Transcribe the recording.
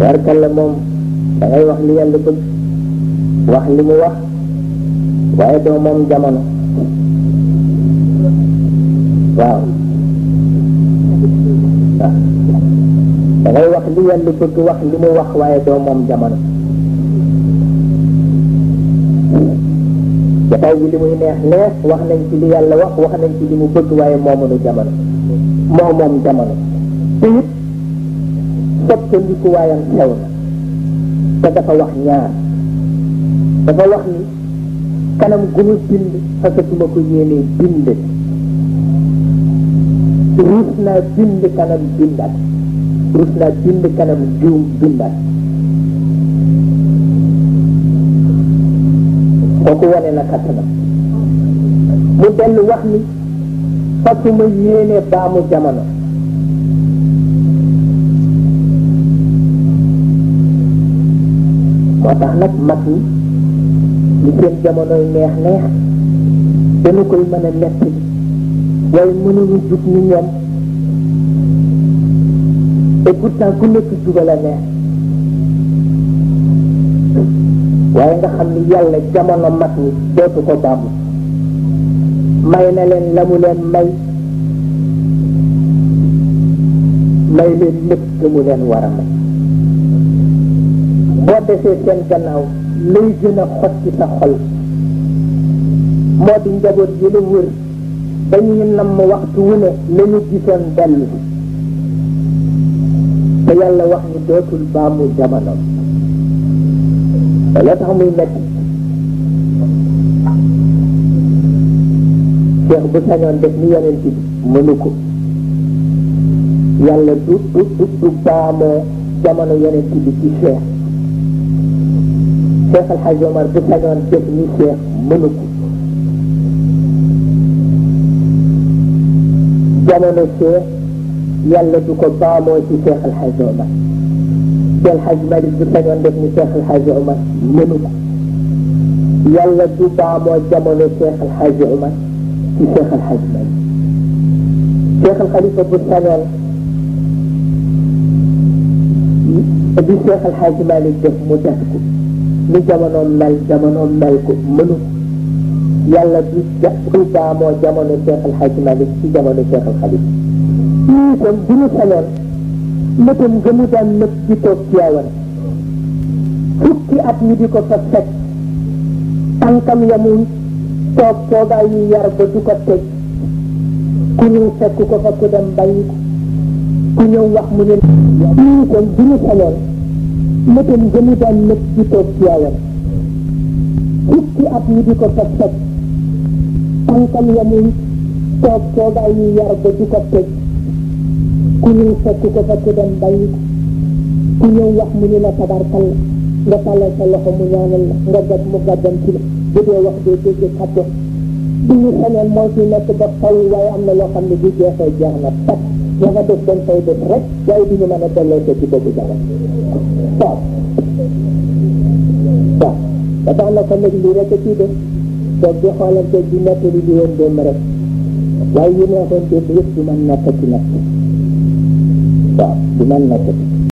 war kala moom da ngay wax li yàlla bëgg wax li mu wax waaye doo moom jamono waaw da ngay wax li yàlla bëgg wax li mu wax jamono li muy neex neex wax nañ ci li wax wax nañ ci li mu bëgg waaye moomunu jamono moo moom jamono soppandiku waayam xew na te dafa wax ñaar dafa wax ni kanam gu ma bind fasatuma ko yéenee bind ruus naa bind kanam bindat ruus naa bind kanam juum bindat kooku wane na kattanam mu dellu wax ni fasuma yéenee baamu jamono moo tax nag mag yi li seen jamonoy neex neex dana koy mën a nett waaye mënuñu jug ni ñoom et pourtant ku nekk jugal a neex waaye nga xam ni yàlla jamono mag ñi dootu ko bàmm may na leen la mu leen may may leen lépp lu mu leen war desee seen gannaaw lay gën a ci sa xol moo di njaboot yi la wër dañuy namm waxtu wu ne la ñu gisoon dellu te yàlla wax ni dootul baamu jamono te la tax muy metti cheikh bu sañoon def ni yonent bi mënu ko yàlla du du du baamoo jamono yonent bi ci cheikh Cheikh Al Hadj Omar bu sañoon technicien mënu ko jamono Cheikh yàlla du ko baamoo ci Cheikh Al Hadj Omar Cheikh Al Hadj Malick bu sañoon def ni Cheikh Al Hadj Omar mënu ko yàlla du baamoo jamono Cheikh Al Hadj Omar ci Cheikh Al Hadj Malick Cheikh Al Khalifa bu sañoon bi Cheikh Al Hadj Malick def mu def ko ni jamono mel jamono mel ko mënu yàlla du ja du jaamoo jamono Cheikh El Hadj Malick ci jamono Cheikh El Khalid fii kon bu ñu sañoon nëppam gëmu daan nëpp fukki at ñu di ko fa fekk tànkam ya mu toog toogaay yu yar ko teg ku ñëw fekk ko fa ku dem bàyyi ku ñëw wax mu ne fii kon bu ñu mëtam gëmu daan lépp di toog ci kan di ko toj toj tànkam yamuy toog toogaay yu yar ba di ko satu ku ñëw fekk ko fa dem bàyyi ku ñëw wax mu ni la tabarkal nga tàllal sa loxo mu ñaanal la nga gàtt mu gàddam ci bu dee wax dee dégg kàddu bu ñu xamee saya ci nekk ba faw waaye am na waaw waaw dafa am na ko nag lii rek a tiite toog di xoolante di nettali di woon démb rek waaye yu neexoon démb yëpp du man nekkati nag waaw du man nekkati